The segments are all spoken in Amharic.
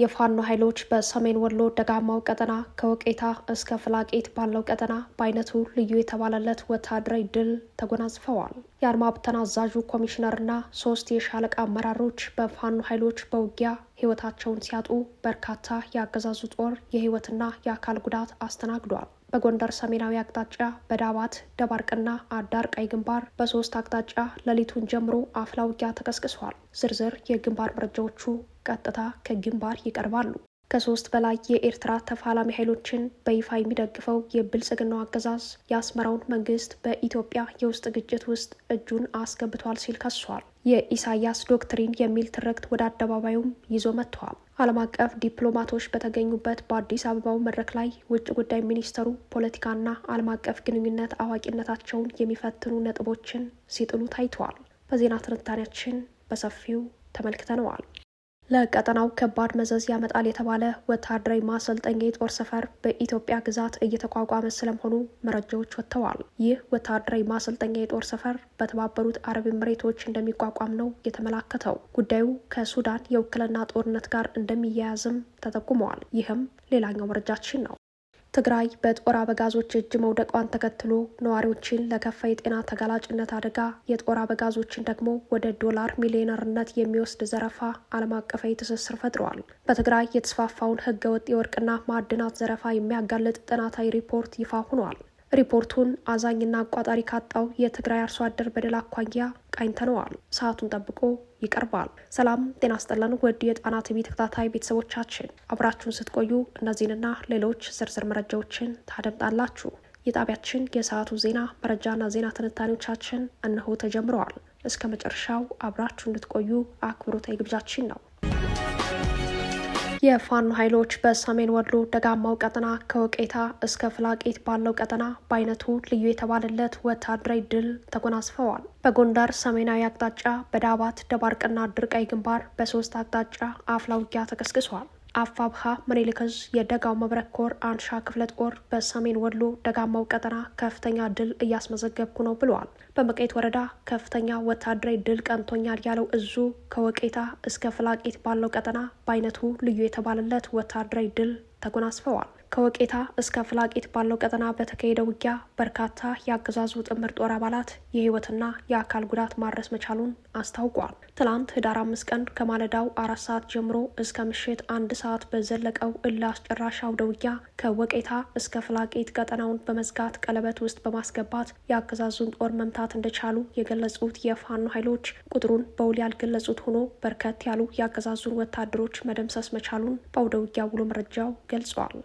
የፋኖ ኃይሎች በሰሜን ወሎ ደጋማው ቀጠና ከወቄታ እስከ ፍላቄት ባለው ቀጠና በአይነቱ ልዩ የተባለለት ወታደራዊ ድል ተጎናጽፈዋል። የአድማ ብተና አዛዡ ኮሚሽነርና ሶስት የሻለቃ አመራሮች በፋኖ ኃይሎች በውጊያ ሕይወታቸውን ሲያጡ በርካታ የአገዛዙ ጦር የሕይወትና የአካል ጉዳት አስተናግዷል። በጎንደር ሰሜናዊ አቅጣጫ በዳባት ደባርቅና አዳር ቀይ ግንባር በሶስት አቅጣጫ ሌሊቱን ጀምሮ አፍላ ውጊያ ተቀስቅሷል። ዝርዝር የግንባር መረጃዎቹ ቀጥታ ከግንባር ይቀርባሉ። ከሶስት በላይ የኤርትራ ተፋላሚ ኃይሎችን በይፋ የሚደግፈው የብልጽግናው አገዛዝ የአስመራውን መንግስት በኢትዮጵያ የውስጥ ግጭት ውስጥ እጁን አስገብቷል ሲል ከሷል። የኢሳያስ ዶክትሪን የሚል ትርክት ወደ አደባባዩም ይዞ መጥተዋል። ዓለም አቀፍ ዲፕሎማቶች በተገኙበት በአዲስ አበባው መድረክ ላይ ውጭ ጉዳይ ሚኒስተሩ ፖለቲካና ዓለም አቀፍ ግንኙነት አዋቂነታቸውን የሚፈትኑ ነጥቦችን ሲጥሉ ታይተዋል። በዜና ትንታኔያችን በሰፊው ተመልክተነዋል። ለቀጠናው ከባድ መዘዝ ያመጣል የተባለ ወታደራዊ ማሰልጠኛ የጦር ሰፈር በኢትዮጵያ ግዛት እየተቋቋመ ስለመሆኑ መረጃዎች ወጥተዋል። ይህ ወታደራዊ ማሰልጠኛ የጦር ሰፈር በተባበሩት አረብ ኤምሬቶች እንደሚቋቋም ነው የተመላከተው። ጉዳዩ ከሱዳን የውክልና ጦርነት ጋር እንደሚያያዝም ተጠቁመዋል። ይህም ሌላኛው መረጃችን ነው። ትግራይ በጦር አበጋዞች እጅ መውደቋን ተከትሎ ነዋሪዎችን ለከፋ የጤና ተጋላጭነት አደጋ፣ የጦር አበጋዞችን ደግሞ ወደ ዶላር ሚሊዮነርነት የሚወስድ ዘረፋ ዓለም አቀፋዊ ትስስር ፈጥረዋል። በትግራይ የተስፋፋውን ህገወጥ የወርቅና ማዕድናት ዘረፋ የሚያጋልጥ ጥናታዊ ሪፖርት ይፋ ሆኗል። ሪፖርቱን አዛኝና አቋጣሪ ካጣው የትግራይ አርሶ አደር በደል አኳያ ቃኝተነዋል። ሰዓቱን ጠብቆ ይቀርባል። ሰላም ጤና ስጠለን ወድ የጣና ቲቪ ተከታታይ ቤተሰቦቻችን አብራችሁን ስትቆዩ እነዚህንና ሌሎች ዝርዝር መረጃዎችን ታደምጣላችሁ። የጣቢያችን የሰዓቱ ዜና መረጃና ዜና ትንታኔዎቻችን እነሆ ተጀምረዋል። እስከ መጨረሻው አብራችሁ እንድትቆዩ አክብሮታዊ ግብዣችን ነው። የፋኖ ኃይሎች በሰሜን ወሎ ደጋማው ቀጠና ከወቄታ እስከ ፍላቄት ባለው ቀጠና በአይነቱ ልዩ የተባለለት ወታደራዊ ድል ተጎናስፈዋል። በጎንደር ሰሜናዊ አቅጣጫ በዳባት ደባርቅና ድርቃይ ግንባር በሶስት አቅጣጫ አፍላ ውጊያ ተቀስቅሷል። አፋብሃ ምኒልክዝ የደጋው መብረቅ ኮር አንሻ ክፍለ ጦር በሰሜን ወሎ ደጋማው ቀጠና ከፍተኛ ድል እያስመዘገብኩ ነው ብለዋል። በመቄት ወረዳ ከፍተኛ ወታደራዊ ድል ቀንቶኛል ያለው እዙ ከወቄታ እስከ ፍላቂት ባለው ቀጠና በአይነቱ ልዩ የተባለለት ወታደራዊ ድል ተጎናስፈዋል። ከወቄታ እስከ ፍላቂት ባለው ቀጠና በተካሄደ ውጊያ በርካታ የአገዛዙ ጥምር ጦር አባላት የህይወትና የአካል ጉዳት ማድረስ መቻሉን አስታውቋል። ትላንት ህዳር አምስት ቀን ከማለዳው አራት ሰዓት ጀምሮ እስከ ምሽት አንድ ሰዓት በዘለቀው እልህ አስጨራሽ አውደ ውጊያ ከወቄታ እስከ ፍላቂት ቀጠናውን በመዝጋት ቀለበት ውስጥ በማስገባት የአገዛዙን ጦር መምታት እንደቻሉ የገለጹት የፋኖ ኃይሎች ቁጥሩን በውል ያልገለጹት ሆኖ በርከት ያሉ የአገዛዙን ወታደሮች መደምሰስ መቻሉን በአውደ ውጊያ ውሎ መረጃው ገልጿል።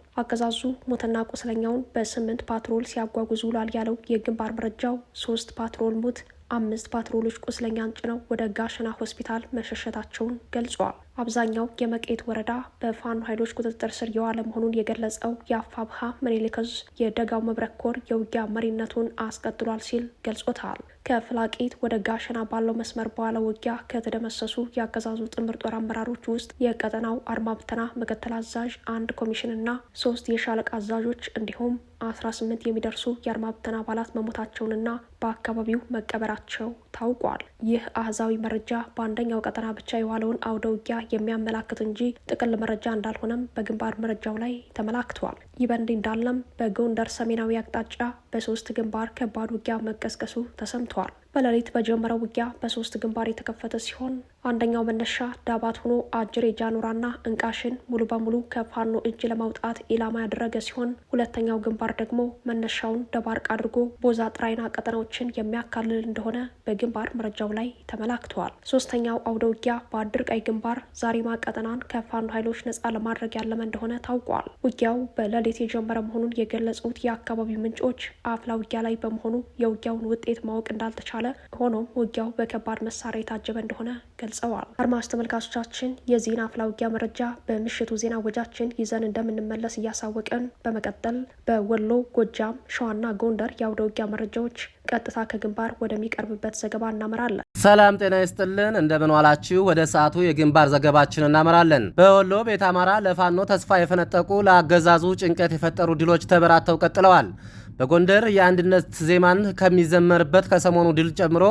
አገዛዙ ሞትና ቁስለኛውን በስምንት ፓትሮል ሲያጓጉዝ ውሏል ያለው የግንባር መረጃው ሶስት ፓትሮል ሞት አምስት ፓትሮሎች ቁስለኛን ጭነው ወደ ጋሸና ሆስፒታል መሸሸታቸውን ገልጿል። አብዛኛው የመቄት ወረዳ በፋኖ ኃይሎች ቁጥጥር ስር የዋለ መሆኑን የገለጸው የአፋብሃ መኔሊከዝ የደጋው መብረኮር ኮር የውጊያ መሪነቱን አስቀጥሏል ሲል ገልጾታል። ከፍላቂት ወደ ጋሸና ባለው መስመር በኋላ ውጊያ ከተደመሰሱ የአገዛዙ ጥምር ጦር አመራሮች ውስጥ የቀጠናው አርማብተና ብተና ምክትል አዛዥ፣ አንድ ኮሚሽንና ሶስት የሻለቃ አዛዦች እንዲሁም አስራ ስምንት የሚደርሱ የአርማብተና ብተና አባላት መሞታቸውንና በአካባቢው መቀበራቸው ታውቋል። ይህ አህዛዊ መረጃ በአንደኛው ቀጠና ብቻ የዋለውን አውደ ውጊያ የሚያመላክት እንጂ ጥቅል መረጃ እንዳልሆነም በግንባር መረጃው ላይ ተመላክቷል። ይህ በእንዲህ እንዳለም በጎንደር ሰሜናዊ አቅጣጫ በሶስት ግንባር ከባድ ውጊያ መቀስቀሱ ተሰምቷል። በሌሊት በጀመረው ውጊያ በሶስት ግንባር የተከፈተ ሲሆን አንደኛው መነሻ ዳባት ሆኖ አጅሬ ጃኑራና እንቃሽን ሙሉ በሙሉ ከፋኖ እጅ ለማውጣት ኢላማ ያደረገ ሲሆን ሁለተኛው ግንባር ደግሞ መነሻውን ደባርቅ አድርጎ ቦዛ ጥራይና ቀጠናዎችን የሚያካልል እንደሆነ በግንባር መረጃው ላይ ተመላክተዋል። ሶስተኛው አውደ ውጊያ በአድር ቀይ ግንባር ዛሪማ ቀጠናን ከፋኖ ኃይሎች ነጻ ለማድረግ ያለመ እንደሆነ ታውቋል። ውጊያው በሌሊት የጀመረ መሆኑን የገለጹት የአካባቢው ምንጮች አፍላ ውጊያ ላይ በመሆኑ የውጊያውን ውጤት ማወቅ እንዳልተቻለ እንዳልቻለ፣ ሆኖም ውጊያው በከባድ መሳሪያ የታጀበ እንደሆነ ገልጸዋል። አድማጭ ተመልካቾቻችን የዜና አፍላ ውጊያ መረጃ በምሽቱ ዜና ወጃችን ይዘን እንደምንመለስ እያሳወቅን በመቀጠል በወሎ ጎጃም፣ ሸዋና ጎንደር የአውደ ውጊያ መረጃዎች ቀጥታ ከግንባር ወደሚቀርብበት ዘገባ እናመራለን። ሰላም ጤና ይስጥልን፣ እንደምን ዋላችሁ። ወደ ሰዓቱ የግንባር ዘገባችን እናመራለን። በወሎ ቤት አማራ ለፋኖ ተስፋ የፈነጠቁ ለአገዛዙ ጭንቀት የፈጠሩ ድሎች ተበራተው ቀጥለዋል። በጎንደር የአንድነት ዜማን ከሚዘመርበት ከሰሞኑ ድል ጨምሮ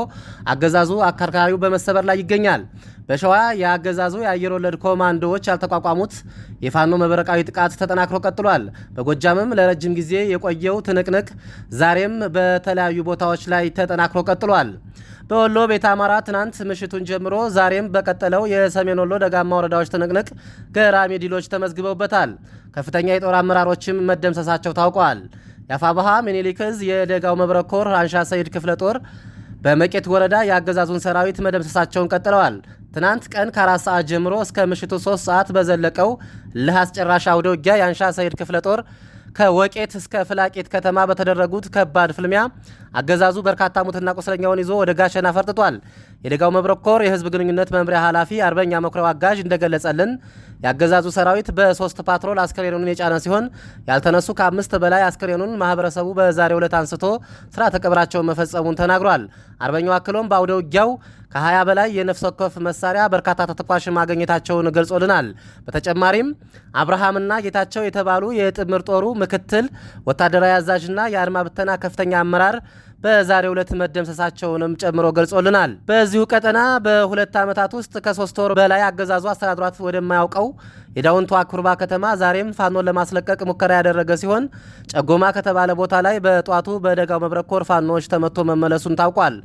አገዛዙ አከርካሪው በመሰበር ላይ ይገኛል። በሸዋ የአገዛዙ የአየር ወለድ ኮማንዶዎች ያልተቋቋሙት የፋኖ መብረቃዊ ጥቃት ተጠናክሮ ቀጥሏል። በጎጃምም ለረጅም ጊዜ የቆየው ትንቅንቅ ዛሬም በተለያዩ ቦታዎች ላይ ተጠናክሮ ቀጥሏል። በወሎ ቤተ አማራ ትናንት ምሽቱን ጀምሮ ዛሬም በቀጠለው የሰሜን ወሎ ደጋማ ወረዳዎች ትንቅንቅ ገራሚ ድሎች ተመዝግበውበታል። ከፍተኛ የጦር አመራሮችም መደምሰሳቸው ታውቋል። የአፋብሃ ሚኒሊክዝ የደጋው መብረቅ ኮር አንሻ ሰይድ ክፍለ ጦር በመቄት ወረዳ የአገዛዙን ሰራዊት መደምሰሳቸውን ቀጥለዋል። ትናንት ቀን ከአራት ሰዓት ጀምሮ እስከ ምሽቱ ሶስት ሰዓት በዘለቀው እልህ አስጨራሽ አውደ ውጊያ የአንሻ ሰይድ ክፍለ ጦር ከወቄት እስከ ፍላቄት ከተማ በተደረጉት ከባድ ፍልሚያ አገዛዙ በርካታ ሙትና ቁስለኛውን ይዞ ወደ ጋሸና ፈርጥቷል። የደጋው መብረቅ ኮር የህዝብ ግንኙነት መምሪያ ኃላፊ አርበኛ መኩሪያው አጋዥ እንደገለጸልን ያገዛዙ ሰራዊት በሶስት ፓትሮል አስከሬኑን የጫነ ሲሆን ያልተነሱ ከአምስት በላይ አስከሬኑን ማህበረሰቡ በዛሬው ዕለት አንስቶ ስራ ተቀብራቸውን መፈጸሙን ተናግሯል። አርበኛው አክሎም በአውደ ውጊያው ከ20 በላይ የነፍስ ወከፍ መሳሪያ በርካታ ተተኳሽ ማገኘታቸውን ገልጾልናል። በተጨማሪም አብርሃምና ጌታቸው የተባሉ የጥምር ጦሩ ምክትል ወታደራዊ አዛዥና የአድማ ብተና ከፍተኛ አመራር በዛሬው ዕለት መደምሰሳቸውንም ጨምሮ ገልጾልናል። በዚሁ ቀጠና በሁለት ዓመታት ውስጥ ከሶስት ወር በላይ አገዛዙ አስተዳድሯት ወደማያውቀው የዳውንቱ አኩርባ ከተማ ዛሬም ፋኖን ለማስለቀቅ ሙከራ ያደረገ ሲሆን ጨጎማ ከተባለ ቦታ ላይ በጧቱ በደጋው መብረቅ ኮር ፋኖዎች ተመቶ መመለሱን ታውቋል።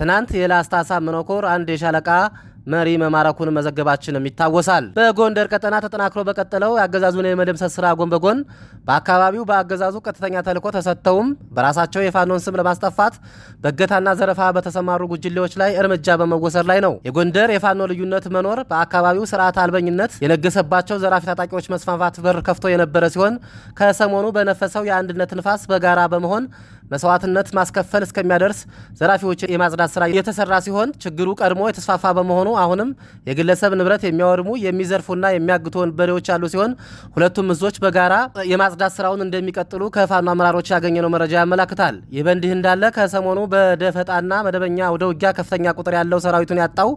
ትናንት የላስታ ሳምነው ኮር አንድ የሻለቃ መሪ መማረኩን መዘገባችንም ይታወሳል። በጎንደር ቀጠና ተጠናክሮ በቀጠለው የአገዛዙን የመደምሰስ ስራ ጎን በጎን በአካባቢው በአገዛዙ ቀጥተኛ ተልዕኮ ተሰጥተውም በራሳቸው የፋኖን ስም ለማስጠፋት በእገታና ዘረፋ በተሰማሩ ጉጅሌዎች ላይ እርምጃ በመወሰድ ላይ ነው። የጎንደር የፋኖ ልዩነት መኖር በአካባቢው ስርዓት አልበኝነት የነገሰባቸው ዘራፊ ታጣቂዎች መስፋፋት በር ከፍቶ የነበረ ሲሆን ከሰሞኑ በነፈሰው የአንድነት ንፋስ በጋራ በመሆን መስዋዕትነት ማስከፈል እስከሚያደርስ ዘራፊዎች የማጽዳት ስራ የተሰራ ሲሆን ችግሩ ቀድሞ የተስፋፋ በመሆኑ አሁንም የግለሰብ ንብረት የሚያወድሙ የሚዘርፉና የሚያግቱ ወንበዴዎች ያሉ ሲሆን ሁለቱም እዞች በጋራ የማጽዳት ስራውን እንደሚቀጥሉ ከፋኖ አመራሮች ያገኘነው መረጃ ያመላክታል። ይህ በእንዲህ እንዳለ ከሰሞኑ በደፈጣና መደበኛ ወደ ውጊያ ከፍተኛ ቁጥር ያለው ሰራዊቱን ያጣው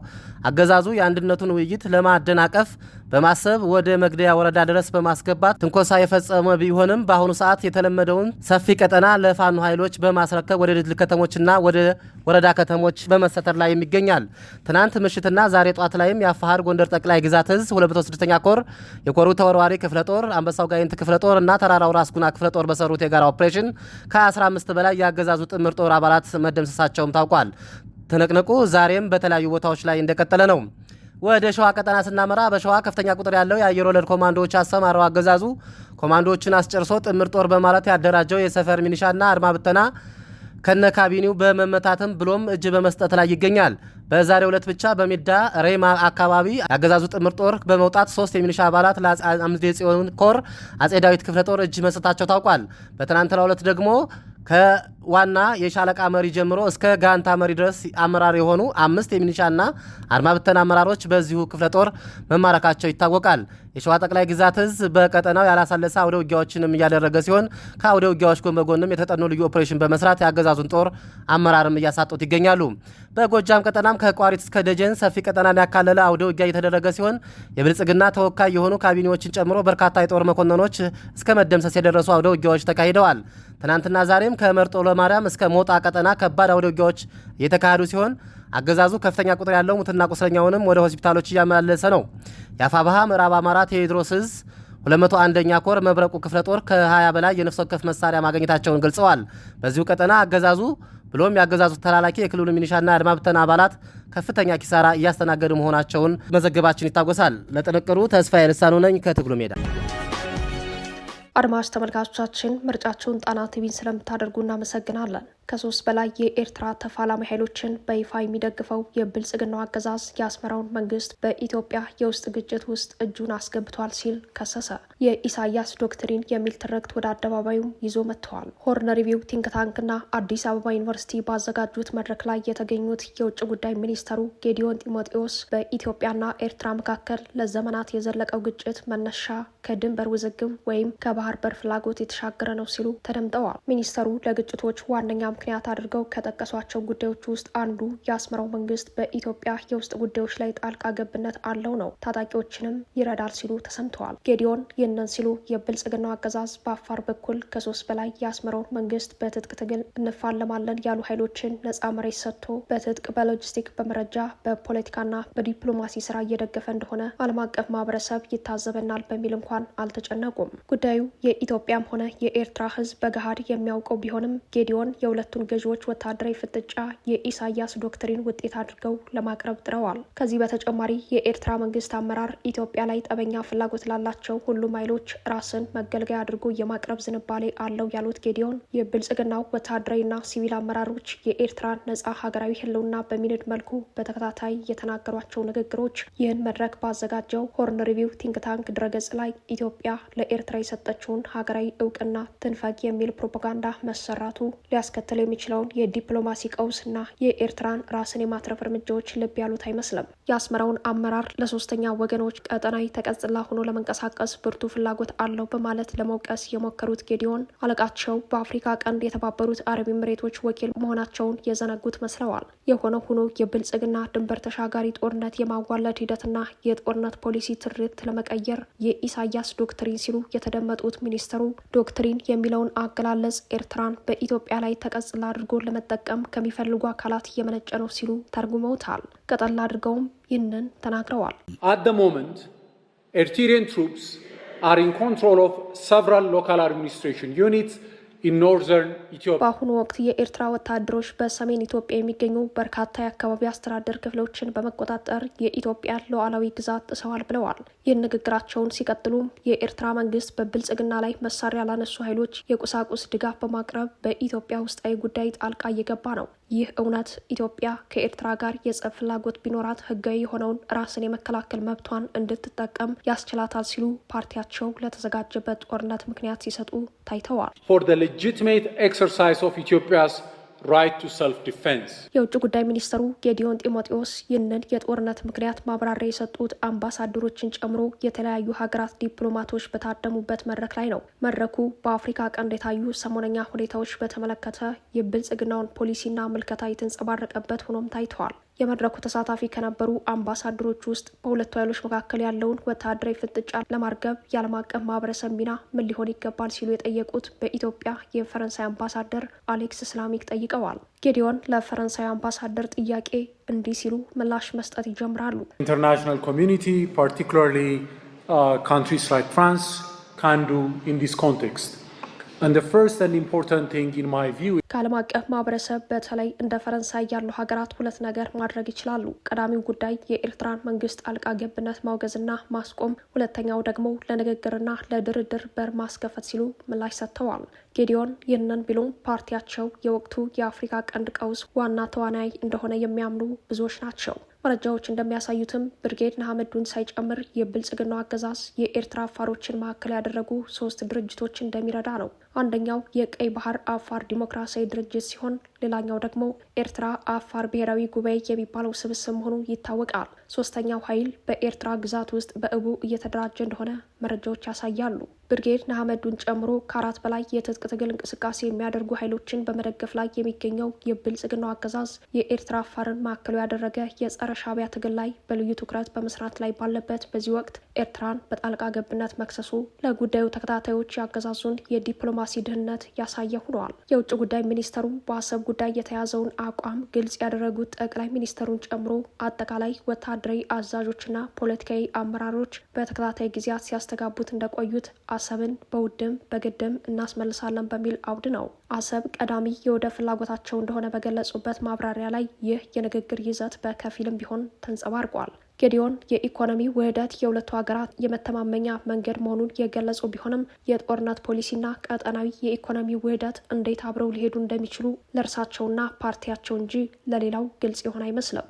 አገዛዙ የአንድነቱን ውይይት ለማደናቀፍ በማሰብ ወደ መግደያ ወረዳ ድረስ በማስገባት ትንኮሳ የፈጸመ ቢሆንም በአሁኑ ሰዓት የተለመደውን ሰፊ ቀጠና ለፋኖ ኃይሎች በማስረከብ ወደ ድል ከተሞችና ወደ ወረዳ ከተሞች በመሰተር ላይ ይገኛል። ትናንት ምሽትና ዛሬ ጧት ላይም የአፋሃር ጎንደር ጠቅላይ ግዛት እዝ 26ኛ ኮር የኮሩ ተወርዋሪ ክፍለ ጦር፣ አንበሳው ጋይንት ክፍለ ጦር እና ተራራው ራስ ጉና ክፍለ ጦር በሰሩት የጋራ ኦፕሬሽን ከ15 በላይ የአገዛዙ ጥምር ጦር አባላት መደምሰሳቸውም ታውቋል። ትንቅንቁ ዛሬም በተለያዩ ቦታዎች ላይ እንደቀጠለ ነው። ወደ ሸዋ ቀጠና ስናመራ በሸዋ ከፍተኛ ቁጥር ያለው የአየር ወለድ ኮማንዶዎች አሰማረው አገዛዙ ኮማንዶዎችን አስጨርሶ ጥምር ጦር በማለት ያደራጀው የሰፈር ሚኒሻና አድማ ብተና ከነ ካቢኔው በመመታትም ብሎም እጅ በመስጠት ላይ ይገኛል። በዛሬ ሁለት ብቻ በሚዳ ሬማ አካባቢ ያገዛዙ ጥምር ጦር በመውጣት ሶስት የሚሊሻ አባላት ለአምስት የጽዮን ኮር አጼ ዳዊት ክፍለ ጦር እጅ መስጠታቸው ታውቋል። በትናንትናው ሁለት ደግሞ ከዋና የሻለቃ መሪ ጀምሮ እስከ ጋንታ መሪ ድረስ አመራር የሆኑ አምስት የሚኒሻና አድማብተን አመራሮች በዚሁ ክፍለ ጦር መማረካቸው ይታወቃል። የሸዋ ጠቅላይ ግዛት እዝ በቀጠናው ያላሳለሰ አውደ ውጊያዎችንም እያደረገ ሲሆን ከአውደ ውጊያዎች ጎን በጎንም የተጠኑ ልዩ ኦፕሬሽን በመስራት የአገዛዙን ጦር አመራርም እያሳጡት ይገኛሉ። በጎጃም ቀጠናም ከቋሪት እስከ ደጀን ሰፊ ቀጠናን ያካለለ አውደ ውጊያ እየተደረገ ሲሆን የብልጽግና ተወካይ የሆኑ ካቢኔዎችን ጨምሮ በርካታ የጦር መኮንኖች እስከ መደምሰስ የደረሱ አውደ ውጊያዎች ተካሂደዋል። ትናንትና ዛሬም ከመርጦ ለማርያም እስከ ሞጣ ቀጠና ከባድ አውደ ውጊያዎች እየተካሄዱ ሲሆን አገዛዙ ከፍተኛ ቁጥር ያለው ሙትና ቁስለኛውንም ወደ ሆስፒታሎች እያመላለሰ ነው። የአፋባሃ ምዕራብ አማራ ቴዎድሮስ እዝ 201ኛ ኮር መብረቁ ክፍለ ጦር ከ20 በላይ የነፍስ ወከፍ መሳሪያ ማግኘታቸውን ገልጸዋል። በዚሁ ቀጠና አገዛዙ ብሎም የአገዛዙ ተላላኪ የክልሉ ሚኒሻና የአድማ ብተና አባላት ከፍተኛ ኪሳራ እያስተናገዱ መሆናቸውን መዘገባችን ይታወሳል። ለጥንቅሩ ተስፋ የልሳኑ ነኝ ከትግሉ ሜዳ አድማጭ ተመልካቾቻችን ምርጫቸውን ጣና ቲቪን ስለምታደርጉ እናመሰግናለን። ከሶስት በላይ የኤርትራ ተፋላሚ ኃይሎችን በይፋ የሚደግፈው የብልጽግናው አገዛዝ የአስመራውን መንግስት በኢትዮጵያ የውስጥ ግጭት ውስጥ እጁን አስገብቷል ሲል ከሰሰ። የኢሳያስ ዶክትሪን የሚል ትርክት ወደ አደባባዩም ይዞ መጥተዋል። ሆርን ሪቪው ቲንክ ታንክና አዲስ አበባ ዩኒቨርሲቲ ባዘጋጁት መድረክ ላይ የተገኙት የውጭ ጉዳይ ሚኒስተሩ ጌዲዮን ጢሞቴዎስ በኢትዮጵያና ኤርትራ መካከል ለዘመናት የዘለቀው ግጭት መነሻ ከድንበር ውዝግብ ወይም ከባህር በር ፍላጎት የተሻገረ ነው ሲሉ ተደምጠዋል። ሚኒስተሩ ለግጭቶች ዋነኛ ምክንያት አድርገው ከጠቀሷቸው ጉዳዮች ውስጥ አንዱ የአስመራው መንግስት በኢትዮጵያ የውስጥ ጉዳዮች ላይ ጣልቃ ገብነት አለው ነው። ታጣቂዎችንም ይረዳል ሲሉ ተሰምተዋል። ጌዲዮን ይህንን ሲሉ የብልጽግናው አገዛዝ በአፋር በኩል ከሶስት በላይ የአስመራውን መንግስት በትጥቅ ትግል እንፋለማለን ያሉ ኃይሎችን ነጻ መሬት ሰጥቶ በትጥቅ በሎጂስቲክ በመረጃ በፖለቲካና በዲፕሎማሲ ስራ እየደገፈ እንደሆነ ዓለም አቀፍ ማህበረሰብ ይታዘበናል በሚል እንኳን አልተጨነቁም። ጉዳዩ የኢትዮጵያም ሆነ የኤርትራ ህዝብ በገሃድ የሚያውቀው ቢሆንም ጌዲዮን የሁለ የሁለቱን ገዢዎች ወታደራዊ ፍጥጫ የኢሳያስ ዶክትሪን ውጤት አድርገው ለማቅረብ ጥረዋል። ከዚህ በተጨማሪ የኤርትራ መንግስት አመራር ኢትዮጵያ ላይ ጠበኛ ፍላጎት ላላቸው ሁሉም ኃይሎች ራስን መገልገያ አድርጎ የማቅረብ ዝንባሌ አለው ያሉት ጌዲዮን የብልጽግናው ወታደራዊና ሲቪል አመራሮች የኤርትራን ነጻ ሀገራዊ ህልውና በሚንድ መልኩ በተከታታይ የተናገሯቸው ንግግሮች ይህን መድረክ ባዘጋጀው ሆርን ሪቪው ቲንክታንክ ድረገጽ ላይ ኢትዮጵያ ለኤርትራ የሰጠችውን ሀገራዊ እውቅና ትንፈግ የሚል ፕሮፓጋንዳ መሰራቱ ሊያስከትል ሊያስከትለው የሚችለውን የዲፕሎማሲ ቀውስና የኤርትራን ራስን የማትረፍ እርምጃዎች ልብ ያሉት አይመስልም። የአስመራውን አመራር ለሶስተኛ ወገኖች ቀጠናዊ ተቀጽላ ሆኖ ለመንቀሳቀስ ብርቱ ፍላጎት አለው በማለት ለመውቀስ የሞከሩት ጌዲዮን አለቃቸው በአፍሪካ ቀንድ የተባበሩት አረብ ኤምሬቶች ወኪል መሆናቸውን የዘነጉት መስለዋል። የሆነ ሆኖ የብልጽግና ድንበር ተሻጋሪ ጦርነት የማዋለድ ሂደትና የጦርነት ፖሊሲ ትርክት ለመቀየር የኢሳያስ ዶክትሪን ሲሉ የተደመጡት ሚኒስትሩ ዶክትሪን የሚለውን አገላለጽ ኤርትራን በኢትዮጵያ ላይ ተቀ ቀጽል አድርጎ ለመጠቀም ከሚፈልጉ አካላት እየመነጨ ነው ሲሉ ተርጉመውታል። ቀጠል አድርገውም ይህንን ተናግረዋል። አት ዘ ሞመንት ኤርትሪያን ትሩፕስ አር ኢን ኮንትሮል ኦፍ ሰቨራል ሎካል አድሚኒስትሬሽን ዩኒትስ በአሁኑ ወቅት የኤርትራ ወታደሮች በሰሜን ኢትዮጵያ የሚገኙ በርካታ የአካባቢ አስተዳደር ክፍሎችን በመቆጣጠር የኢትዮጵያን ሉዓላዊ ግዛት ጥሰዋል ብለዋል። ይህን ንግግራቸውን ሲቀጥሉም የኤርትራ መንግስት በብልጽግና ላይ መሳሪያ ላነሱ ኃይሎች የቁሳቁስ ድጋፍ በማቅረብ በኢትዮጵያ ውስጣዊ ጉዳይ ጣልቃ እየገባ ነው። ይህ እውነት ኢትዮጵያ ከኤርትራ ጋር የጸብ ፍላጎት ቢኖራት ህጋዊ የሆነውን ራስን የመከላከል መብቷን እንድትጠቀም ያስችላታል ሲሉ ፓርቲያቸው ለተዘጋጀበት ጦርነት ምክንያት ሲሰጡ ታይተዋል። legitimate exercise of Ethiopia's right to self-defense። የውጭ ጉዳይ ሚኒስትሩ ጌዲዮን ጢሞቴዎስ ይህንን የጦርነት ምክንያት ማብራሪያ የሰጡት አምባሳደሮችን ጨምሮ የተለያዩ ሀገራት ዲፕሎማቶች በታደሙበት መድረክ ላይ ነው። መድረኩ በአፍሪካ ቀንድ የታዩ ሰሞነኛ ሁኔታዎች በተመለከተ የብልጽግናውን ፖሊሲና ምልከታ የተንጸባረቀበት ሆኖም ታይተዋል። የመድረኩ ተሳታፊ ከነበሩ አምባሳደሮች ውስጥ በሁለቱ ኃይሎች መካከል ያለውን ወታደራዊ ፍጥጫ ለማርገብ የዓለም አቀፍ ማህበረሰብ ሚና ምን ሊሆን ይገባል ሲሉ የጠየቁት በኢትዮጵያ የፈረንሳይ አምባሳደር አሌክስ ስላሚክ ጠይቀዋል። ጌዲዮን ለፈረንሳይ አምባሳደር ጥያቄ እንዲህ ሲሉ ምላሽ መስጠት ይጀምራሉ። ኢንተርናሽናል ኮሚኒቲ ፓርቲኩላርሊ ካንትሪስ ላይክ ፍራንስ ካንዱ ኢን ዲስ ኮንቴክስት ከዓለም አቀፍ ማህበረሰብ በተለይ እንደ ፈረንሳይ ያሉ ሀገራት ሁለት ነገር ማድረግ ይችላሉ። ቀዳሚው ጉዳይ የኤርትራን መንግስት አልቃ ገብነት ማውገዝና ማስቆም፣ ሁለተኛው ደግሞ ለንግግርና ለድርድር በር ማስከፈት ሲሉ ምላሽ ሰጥተዋል። ጌዲዮን ይህንን ቢሉም ፓርቲያቸው የወቅቱ የአፍሪካ ቀንድ ቀውስ ዋና ተዋናይ እንደሆነ የሚያምኑ ብዙዎች ናቸው። መረጃዎች እንደሚያሳዩትም ብርጌድ ንሓመዱን ሳይጨምር የብልጽግናው አገዛዝ የኤርትራ አፋሮችን ማዕከል ያደረጉ ሶስት ድርጅቶች እንደሚረዳ ነው። አንደኛው የቀይ ባህር አፋር ዲሞክራሲያዊ ድርጅት ሲሆን ሌላኛው ደግሞ ኤርትራ አፋር ብሔራዊ ጉባኤ የሚባለው ስብስብ መሆኑ ይታወቃል። ሶስተኛው ኃይል በኤርትራ ግዛት ውስጥ በእቡ እየተደራጀ እንደሆነ መረጃዎች ያሳያሉ። ብርጌድ ንሓመዱን ጨምሮ ከአራት በላይ የትጥቅ ትግል እንቅስቃሴ የሚያደርጉ ኃይሎችን በመደገፍ ላይ የሚገኘው የብልጽግናው አገዛዝ የኤርትራ አፋርን ማዕከሉ ያደረገ የጸረ ሻቢያ ትግል ላይ በልዩ ትኩረት በመስራት ላይ ባለበት በዚህ ወቅት ኤርትራን በጣልቃ ገብነት መክሰሱ ለጉዳዩ ተከታታዮች ያገዛዙን የዲፕሎማ ዲፕሎማሲ ድህነት ያሳየ ሆኗል። የውጭ ጉዳይ ሚኒስተሩ በአሰብ ጉዳይ የተያዘውን አቋም ግልጽ ያደረጉት ጠቅላይ ሚኒስተሩን ጨምሮ አጠቃላይ ወታደራዊ አዛዦችና ፖለቲካዊ አመራሮች በተከታታይ ጊዜያት ሲያስተጋቡት እንደቆዩት አሰብን በውድም በግድም እናስመልሳለን በሚል አውድ ነው። አሰብ ቀዳሚ የወደ ፍላጎታቸው እንደሆነ በገለጹበት ማብራሪያ ላይ ይህ የንግግር ይዘት በከፊልም ቢሆን ተንጸባርቋል። ጌዲዮን የኢኮኖሚ ውህደት የሁለቱ ሀገራት የመተማመኛ መንገድ መሆኑን የገለጹ ቢሆንም የጦርነት ፖሊሲና ቀጠናዊ የኢኮኖሚ ውህደት እንዴት አብረው ሊሄዱ እንደሚችሉ ለእርሳቸውና ፓርቲያቸው እንጂ ለሌላው ግልጽ የሆነ አይመስልም።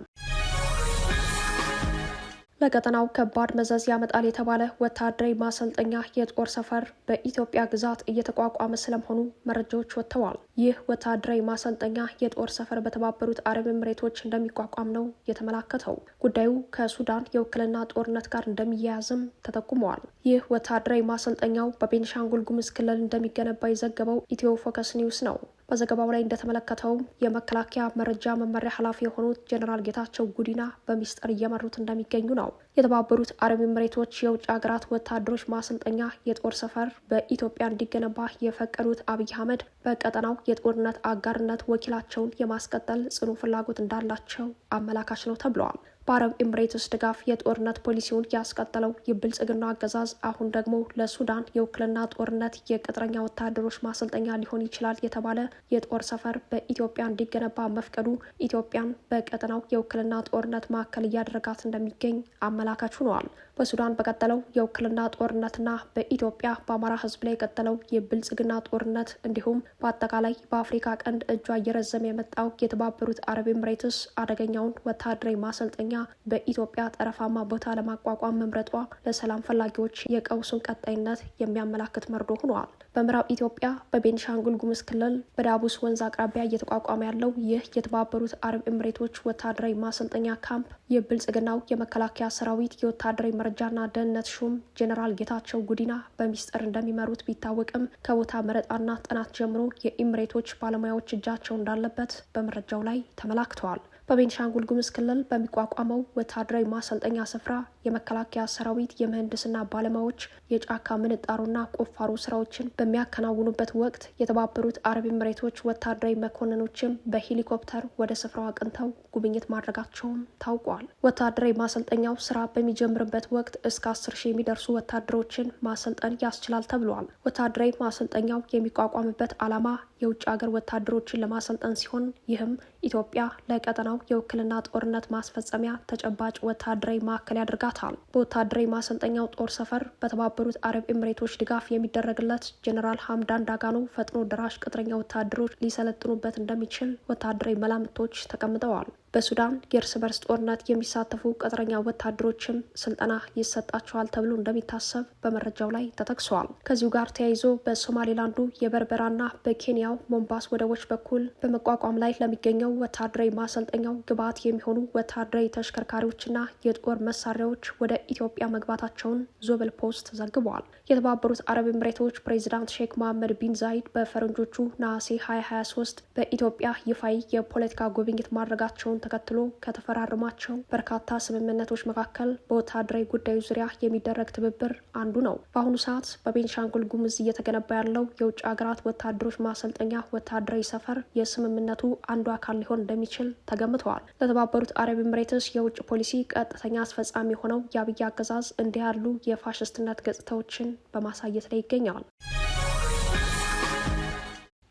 ለቀጠናው ከባድ መዘዝ ያመጣል የተባለ ወታደራዊ ማሰልጠኛ የጦር ሰፈር በኢትዮጵያ ግዛት እየተቋቋመ ስለመሆኑ መረጃዎች ወጥተዋል። ይህ ወታደራዊ ማሰልጠኛ የጦር ሰፈር በተባበሩት አረብ ኤምሬቶች እንደሚቋቋም ነው የተመላከተው። ጉዳዩ ከሱዳን የውክልና ጦርነት ጋር እንደሚያያዝም ተጠቁመዋል። ይህ ወታደራዊ ማሰልጠኛው በቤኒሻንጉል ጉምዝ ክልል እንደሚገነባ የዘገበው ኢትዮ ፎከስ ኒውስ ነው። በዘገባው ላይ እንደተመለከተውም የመከላከያ መረጃ መመሪያ ኃላፊ የሆኑት ጀኔራል ጌታቸው ጉዲና በሚስጥር እየመሩት እንደሚገኙ ነው። የተባበሩት አረብ ኤምሬቶች የውጭ ሀገራት ወታደሮች ማሰልጠኛ የጦር ሰፈር በኢትዮጵያ እንዲገነባ የፈቀዱት አብይ አህመድ በቀጠናው የጦርነት አጋርነት ወኪላቸውን የማስቀጠል ጽኑ ፍላጎት እንዳላቸው አመላካች ነው ተብለዋል። በአረብ ኤምሬትስ ድጋፍ የጦርነት ፖሊሲውን ያስቀጠለው የብልጽግና አገዛዝ አሁን ደግሞ ለሱዳን የውክልና ጦርነት የቅጥረኛ ወታደሮች ማሰልጠኛ ሊሆን ይችላል የተባለ የጦር ሰፈር በኢትዮጵያ እንዲገነባ መፍቀዱ ኢትዮጵያን በቀጠናው የውክልና ጦርነት ማዕከል እያደረጋት እንደሚገኝ አመላካች ሆነዋል። በሱዳን በቀጠለው የውክልና ጦርነትና በኢትዮጵያ በአማራ ህዝብ ላይ የቀጠለው የብልጽግና ጦርነት እንዲሁም በአጠቃላይ በአፍሪካ ቀንድ እጇ እየረዘመ የመጣው የተባበሩት አረብ ኤምሬትስ አደገኛውን ወታደራዊ ማሰልጠኛ በኢትዮጵያ ጠረፋማ ቦታ ለማቋቋም መምረጧ ለሰላም ፈላጊዎች የቀውሱን ቀጣይነት የሚያመላክት መርዶ ሆኗል። በምዕራብ ኢትዮጵያ በቤኒሻንጉል ጉሙዝ ክልል በዳቡስ ወንዝ አቅራቢያ እየተቋቋመ ያለው ይህ የተባበሩት አረብ ኤምሬቶች ወታደራዊ ማሰልጠኛ ካምፕ የብልጽግናው የመከላከያ ሰራዊት የወታደራዊ መረጃና ደህንነት ሹም ጄኔራል ጌታቸው ጉዲና በሚስጥር እንደሚመሩት ቢታወቅም ከቦታ መረጣና ጥናት ጀምሮ የኢምሬቶች ባለሙያዎች እጃቸው እንዳለበት በመረጃው ላይ ተመላክተዋል። በቤንሻንጉል ጉሙዝ ክልል በሚቋቋመው ወታደራዊ ማሰልጠኛ ስፍራ የመከላከያ ሰራዊት የምህንድስና ባለሙያዎች የጫካ ምንጣሩና ቁፋሮ ስራዎችን በሚያከናውኑበት ወቅት የተባበሩት አረብ ኤምሬቶች ወታደራዊ መኮንኖችም በሄሊኮፕተር ወደ ስፍራው አቅንተው ጉብኝት ማድረጋቸውም ታውቋል። ወታደራዊ ማሰልጠኛው ስራ በሚጀምርበት ወቅት እስከ አስር ሺህ የሚደርሱ ወታደሮችን ማሰልጠን ያስችላል ተብሏል። ወታደራዊ ማሰልጠኛው የሚቋቋምበት ዓላማ የውጭ ሀገር ወታደሮችን ለማሰልጠን ሲሆን ይህም ኢትዮጵያ ለቀጠናው የውክልና ጦርነት ማስፈጸሚያ ተጨባጭ ወታደራዊ ማዕከል ያደርጋታል። በወታደራዊ ማሰልጠኛው ጦር ሰፈር በተባበሩት አረብ ኤምሬቶች ድጋፍ የሚደረግለት ጀኔራል ሀምዳን ዳጋኖ ፈጥኖ ደራሽ ቅጥረኛ ወታደሮች ሊሰለጥኑበት እንደሚችል ወታደራዊ መላምቶች ተቀምጠዋል። በሱዳን የእርስ በርስ ጦርነት የሚሳተፉ ቅጥረኛ ወታደሮችም ስልጠና ይሰጣቸዋል ተብሎ እንደሚታሰብ በመረጃው ላይ ተጠቅሷል። ከዚሁ ጋር ተያይዞ በሶማሌላንዱ የበርበራና በኬንያው ሞምባስ ወደቦች በኩል በመቋቋም ላይ ለሚገኘው ወታደራዊ ማሰልጠኛው ግብዓት የሚሆኑ ወታደራዊ ተሽከርካሪዎችና የጦር መሳሪያዎች ወደ ኢትዮጵያ መግባታቸውን ዞብል ፖስት ዘግበዋል። የተባበሩት አረብ ኤምሬቶች ፕሬዚዳንት ሼክ መሐመድ ቢን ዛይድ በፈረንጆቹ ነሐሴ 2023 በኢትዮጵያ ይፋይ የፖለቲካ ጉብኝት ማድረጋቸውን መሆኑን ተከትሎ ከተፈራረሟቸው በርካታ ስምምነቶች መካከል በወታደራዊ ጉዳዮች ዙሪያ የሚደረግ ትብብር አንዱ ነው። በአሁኑ ሰዓት በቤንሻንጉል ጉምዝ እየተገነባ ያለው የውጭ ሀገራት ወታደሮች ማሰልጠኛ ወታደራዊ ሰፈር የስምምነቱ አንዱ አካል ሊሆን እንደሚችል ተገምተዋል። ለተባበሩት አረብ ኤምሬትስ የውጭ ፖሊሲ ቀጥተኛ አስፈጻሚ የሆነው የአብይ አገዛዝ እንዲህ ያሉ የፋሽስትነት ገጽታዎችን በማሳየት ላይ ይገኛል።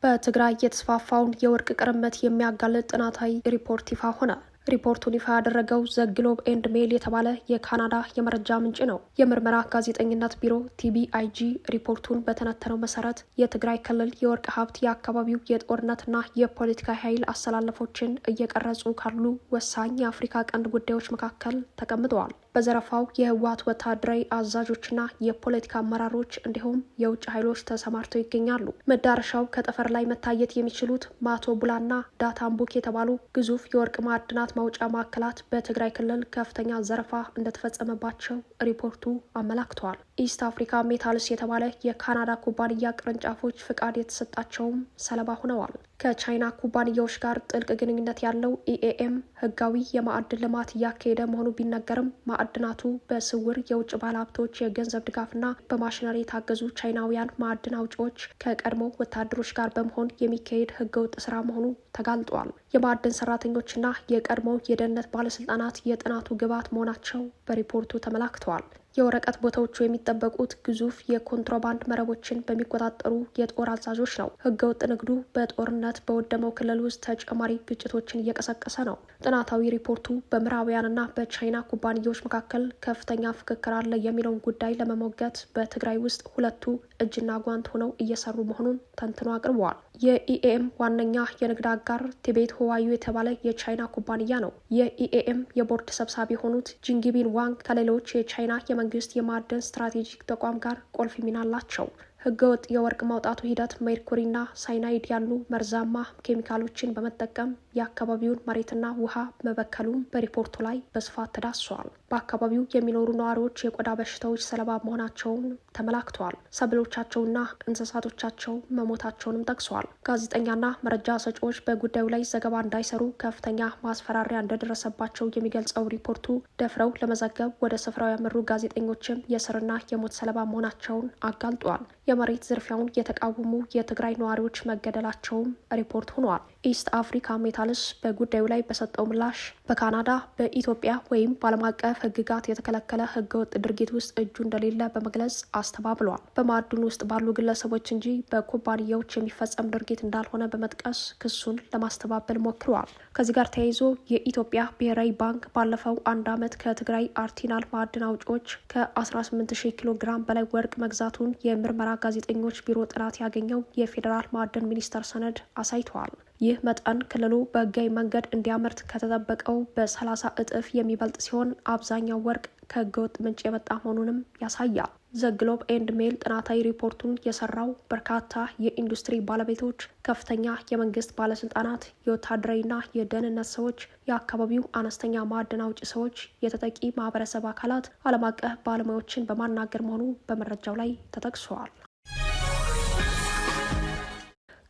በትግራይ የተስፋፋውን የወርቅ ቅርመት የሚያጋልጥ ጥናታዊ ሪፖርት ይፋ ሆነ። ሪፖርቱን ይፋ ያደረገው ዘ ግሎብ ኤንድ ሜል የተባለ የካናዳ የመረጃ ምንጭ ነው። የምርመራ ጋዜጠኝነት ቢሮ ቲቢአይጂ ሪፖርቱን በተነተነው መሰረት የትግራይ ክልል የወርቅ ሀብት የአካባቢው የጦርነትና የፖለቲካ ኃይል አሰላለፎችን እየቀረጹ ካሉ ወሳኝ የአፍሪካ ቀንድ ጉዳዮች መካከል ተቀምጠዋል። በዘረፋው የህወሀት ወታደራዊ አዛዦችና የፖለቲካ አመራሮች እንዲሁም የውጭ ኃይሎች ተሰማርተው ይገኛሉ። መዳረሻው ከጠፈር ላይ መታየት የሚችሉት ማቶ ቡላና ዳታምቡክ የተባሉ ግዙፍ የወርቅ ማዕድናት ማውጫ ማዕከላት በትግራይ ክልል ከፍተኛ ዘረፋ እንደተፈጸመባቸው ሪፖርቱ አመላክተዋል። ኢስት አፍሪካ ሜታልስ የተባለ የካናዳ ኩባንያ ቅርንጫፎች ፍቃድ የተሰጣቸውም ሰለባ ሆነዋል። ከቻይና ኩባንያዎች ጋር ጥልቅ ግንኙነት ያለው ኢኤኤም ሕጋዊ የማዕድን ልማት እያካሄደ መሆኑ ቢነገርም ማዕድናቱ በስውር የውጭ ባለሀብቶች የገንዘብ ድጋፍና በማሽነሪ የታገዙ ቻይናውያን ማዕድን አውጪዎች ከቀድሞ ወታደሮች ጋር በመሆን የሚካሄድ ሕገወጥ ስራ መሆኑ ተጋልጧል። የማዕድን ሰራተኞችና የቀድሞ የደህንነት ባለስልጣናት የጥናቱ ግብዓት መሆናቸው በሪፖርቱ ተመላክተዋል። የወረቀት ቦታዎቹ የሚጠበቁት ግዙፍ የኮንትሮባንድ መረቦችን በሚቆጣጠሩ የጦር አዛዦች ነው። ህገወጥ ንግዱ በጦርነት በወደመው ክልል ውስጥ ተጨማሪ ግጭቶችን እየቀሰቀሰ ነው። ጥናታዊ ሪፖርቱ በምዕራባውያንና በቻይና ኩባንያዎች መካከል ከፍተኛ ፍክክር አለ የሚለውን ጉዳይ ለመሞገት በትግራይ ውስጥ ሁለቱ እጅና ጓንት ሆነው እየሰሩ መሆኑን ተንትኖ አቅርበዋል። የኢኤም ዋነኛ የንግድ አጋር ቲቤት ሆዋዩ የተባለ የቻይና ኩባንያ ነው። የኢኤም የቦርድ ሰብሳቢ የሆኑት ጂንጊቢን ዋንግ ከሌሎች የቻይና መንግስት የማዕድን ስትራቴጂክ ተቋም ጋር ቁልፍ ሚና አላቸው። ህገወጥ የወርቅ ማውጣቱ ሂደት ሜርኩሪና ሳይናይድ ያሉ መርዛማ ኬሚካሎችን በመጠቀም የአካባቢውን መሬትና ውሃ መበከሉም በሪፖርቱ ላይ በስፋት ተዳስሷል። በአካባቢው የሚኖሩ ነዋሪዎች የቆዳ በሽታዎች ሰለባ መሆናቸውን ተመላክተዋል። ሰብሎቻቸውና እንስሳቶቻቸው መሞታቸውንም ጠቅሰዋል። ጋዜጠኛና መረጃ ሰጪዎች በጉዳዩ ላይ ዘገባ እንዳይሰሩ ከፍተኛ ማስፈራሪያ እንደደረሰባቸው የሚገልጸው ሪፖርቱ ደፍረው ለመዘገብ ወደ ስፍራው ያመሩ ጋዜጠኞችም የእስርና የሞት ሰለባ መሆናቸውን አጋልጧል። የመሬት ዝርፊያውን የተቃወሙ የትግራይ ነዋሪዎች መገደላቸውም ሪፖርት ሆኗል። ኢስት አፍሪካ ሜታ ሆስፒታልስ በጉዳዩ ላይ በሰጠው ምላሽ በካናዳ በኢትዮጵያ ወይም በዓለም አቀፍ ሕግጋት የተከለከለ ሕገወጥ ድርጊት ውስጥ እጁ እንደሌለ በመግለጽ አስተባብሏል። በማዕድኑ ውስጥ ባሉ ግለሰቦች እንጂ በኩባንያዎች የሚፈጸም ድርጊት እንዳልሆነ በመጥቀስ ክሱን ለማስተባበል ሞክረዋል። ከዚህ ጋር ተያይዞ የኢትዮጵያ ብሔራዊ ባንክ ባለፈው አንድ ዓመት ከትግራይ አርቲናል ማዕድን አውጪዎች ከ18 ሺህ ኪሎ ግራም በላይ ወርቅ መግዛቱን የምርመራ ጋዜጠኞች ቢሮ ጥናት ያገኘው የፌዴራል ማዕድን ሚኒስቴር ሰነድ አሳይተዋል። ይህ መጠን ክልሉ በህጋዊ መንገድ እንዲያመርት ከተጠበቀው በ በ30 እጥፍ የሚበልጥ ሲሆን አብዛኛው ወርቅ ከህገወጥ ምንጭ የመጣ መሆኑንም ያሳያል። ዘግሎብ ኤንድ ሜል ጥናታዊ ሪፖርቱን የሰራው በርካታ የኢንዱስትሪ ባለቤቶች፣ ከፍተኛ የመንግስት ባለስልጣናት፣ የወታደራዊና የደህንነት ሰዎች፣ የአካባቢው አነስተኛ ማዕድን አውጪ ሰዎች፣ የተጠቂ ማህበረሰብ አካላት፣ ዓለም አቀፍ ባለሙያዎችን በማናገር መሆኑ በመረጃው ላይ ተጠቅሰዋል።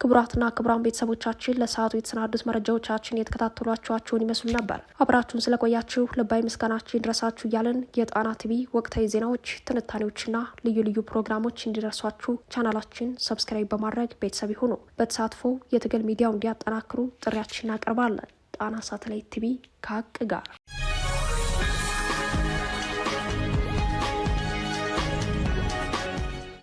ክቡራትና ክቡራን ቤተሰቦቻችን ለሰዓቱ የተሰናዱት መረጃዎቻችን የተከታተሏችኋቸውን ይመስሉ ነበር። አብራችሁን ስለቆያችሁ ልባዊ ምስጋናችን ድረሳችሁ እያለን የጣና ቲቪ ወቅታዊ ዜናዎች፣ ትንታኔዎችና ልዩ ልዩ ፕሮግራሞች እንዲደርሷችሁ ቻናላችን ሰብስክራይብ በማድረግ ቤተሰብ ይሁኑ። በተሳትፎ የትግል ሚዲያው እንዲያጠናክሩ ጥሪያችን እናቀርባለን። ጣና ሳተላይት ቲቪ ከሀቅ ጋር